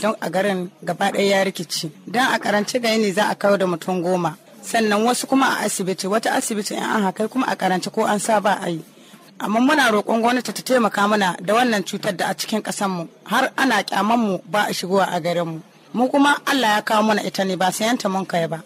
don a garin gaba ɗaya ya rikici don a karanci gani ne za a kawo da mutum goma sannan wasu kuma a asibiti wata asibiti in an hakai kuma a karanci ko an sa ba a yi amma muna roƙon gwamnati ta taimaka mana da wannan cutar da a cikin mu har ana kyaman mu ba a shigowa a garin mu mu kuma Allah ya kawo mana ita ne ba sayanta mun kai ba